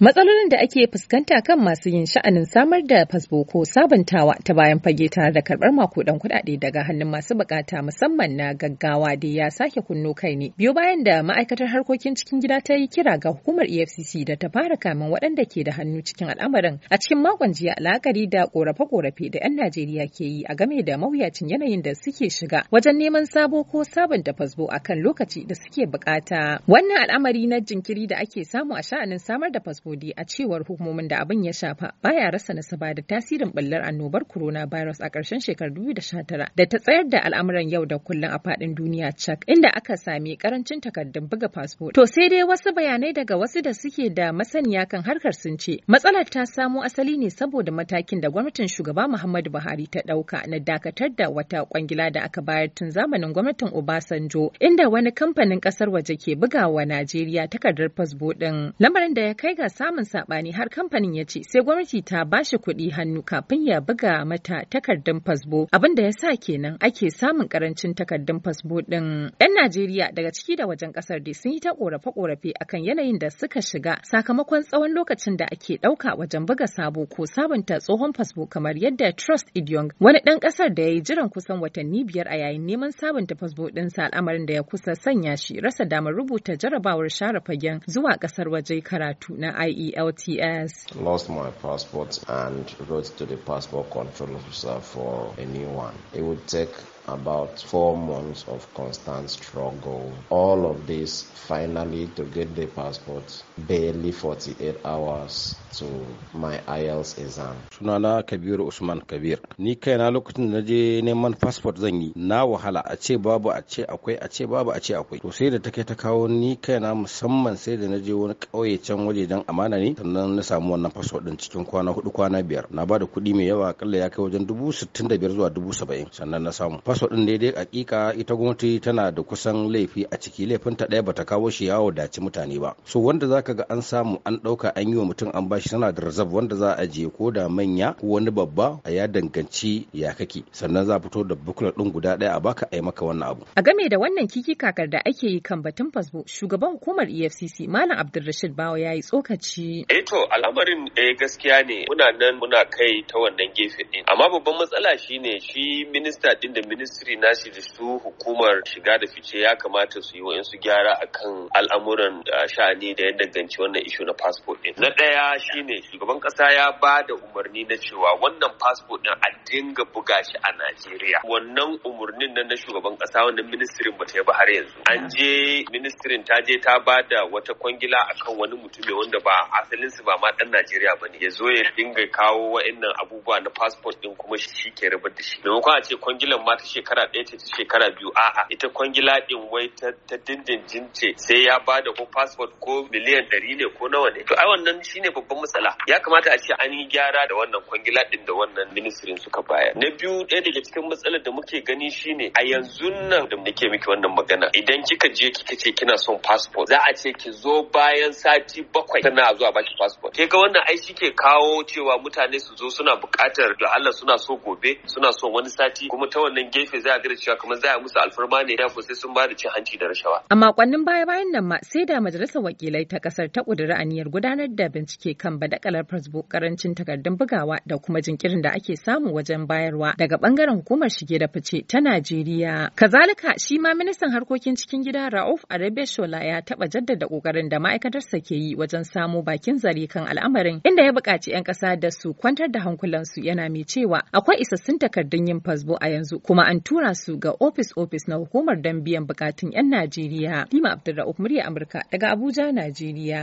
Matsalolin da ake fuskanta kan masu yin sha'anin samar da fasbo ko sabantawa ta bayan fage tare da karɓar makudan kuɗaɗe daga hannun masu bukata musamman na gaggawa da ya sake kunno kai ne. Biyo bayan da ma'aikatar harkokin cikin gida ta yi kira ga hukumar EFCC da ta fara kamin waɗanda ke da hannu cikin al'amarin a cikin makon jiya la'akari da ƙorafe-ƙorafe da 'yan Najeriya ke yi a game da mawuyacin yanayin da suke shiga wajen neman sabo ko sabanta fasfo a kan lokaci da suke bukata. Wannan al'amari na jinkiri da ake samu a sha'anin samar da fasbo Makurdi a cewar hukumomin da abin ya shafa baya rasa nasaba da tasirin ɓallar annobar coronavirus a ƙarshen shekarar 2019 da ta tsayar da al'amuran yau da kullum a faɗin duniya cak inda aka sami karancin takardun buga fasfo. To sai dai wasu bayanai daga wasu da suke da masaniya kan harkar sun ce matsalar ta samo asali ne saboda matakin da gwamnatin shugaba Muhammadu Buhari ta ɗauka na dakatar da wata kwangila da aka bayar tun zamanin gwamnatin Obasanjo inda wani kamfanin ƙasar waje ke buga wa Najeriya takardar fasfo ɗin lamarin da ya kai ga samun sabani har kamfanin ya ce sai gwamnati ta bashi kuɗi hannu kafin ya buga mata takardun fasbo abin da ya sa kenan ake samun karancin takardun fasbo din. Yan Najeriya daga ciki da wajen kasar dai sun yi ta korafe-korafe akan yanayin da suka shiga sakamakon tsawon lokacin da ake ɗauka wajen buga sabo ko sabunta tsohon fasbo kamar yadda Trust Idiong wani ɗan ƙasar da ya yi jiran kusan watanni biyar a yayin neman sabunta fasbo ɗinsa al'amarin da ya kusa sanya shi rasa damar rubuta jarabawar share fagen zuwa ƙasar waje karatu na IELTS. Lost my passport and wrote to the passport control officer for a new one. It would take about four months of constant struggle. All of this finally to get the passport, barely 48 hours to my IELTS exam. Sunana Kabiru Usman Kabir. Ni kaina lokacin da na je neman passport zan yi, na wahala a ce babu a ce akwai a ce babu a ce akwai. To sai da take ta kawo ni kaina musamman sai da na je wani ƙauye can wajejen amana ne sannan na samu wannan passport din cikin kwana hudu kwana biyar. Na ba da kuɗi mai yawa akalla ya kai wajen dubu sittin da biyar zuwa dubu saba'in sannan na samu. kaso din daidai hakika ita gwamnati tana da kusan laifi a ciki laifin ta ɗaya bata kawo shi yawo daci mutane ba so wanda zaka ga an samu an ɗauka an yi wa mutum an bashi tana da reserve wanda za a je ko da manya ko wani babba a ya danganci ya kake sannan za fito da bukula din guda ɗaya a baka a yi maka wannan abu a game da wannan kiki kakar da ake yi kan batun fasbo shugaban hukumar EFCC Malam Abdulrashid Bawa ya yi tsokaci eh to al'amarin eh gaskiya ne muna nan muna kai ta wannan gefe din amma babban matsala shine shi minista din da minista ministry nashi da su hukumar shiga da fice ya kamata su yi wa'insu gyara akan al'amuran uh, sha'ani da ya danganci wannan ishu na passport din na ɗaya shine shugaban ƙasa ya ba da umarni na cewa wannan passport din a dinga buga shi a Najeriya wannan umarnin nan na shugaban ƙasa wannan ministry bata ta yi ba har yanzu an je ministrin ta je ta ba da wata kwangila akan wani mutum wanda ba asalinsu ba ma ɗan Najeriya ba ya zo ya dinga kawo wa'annan abubuwa na passport din kuma shi ke rabar da shi maimakon a ce kwangilan ma ta shekara ɗaya ce ta shekara biyu a'a ita kwangila ɗin wai ta dindindin ce sai ya bada ko passport ko miliyan ɗari ne ko nawa ne to ai wannan shine babban matsala ya kamata a ce an yi gyara da wannan kwangila ɗin da wannan ministirin suka bayar na biyu ɗaya daga cikin matsalar da muke gani shine a yanzu nan da nake miki wannan magana idan kika je kika ce kina son passport za a ce ki zo bayan sati bakwai zo zuwa baki passport ke ga wannan ai ke kawo cewa mutane su zo suna buƙatar da Allah suna so gobe suna so wani sati kuma ta wannan gefe gefe za a gina cewa za a musu alfarma ne yafo sai sun ba da cin hanci da rashawa. A makonnin baya-bayan nan ma sai da majalisar wakilai ta kasar ta kudura aniyar gudanar da bincike kan badakalar fasbo karancin takardun bugawa da kuma jinkirin da ake samu wajen bayarwa daga bangaren hukumar shige da fice ta Najeriya. Kazalika shi ma ministan harkokin cikin gida Rauf Arabe Shola ya taɓa jaddada kokarin da ma'aikatarsa ke yi wajen samo bakin zare kan al'amarin inda ya buƙaci 'yan ƙasa da su kwantar da hankulansu yana mai cewa akwai isassun takardun yin fasbo a yanzu kuma an tura su ga ofis-ofis na hukumar don biyan bukatun 'yan Najeriya. Lima Abdulra'uf murya Amurka daga Abuja, Najeriya.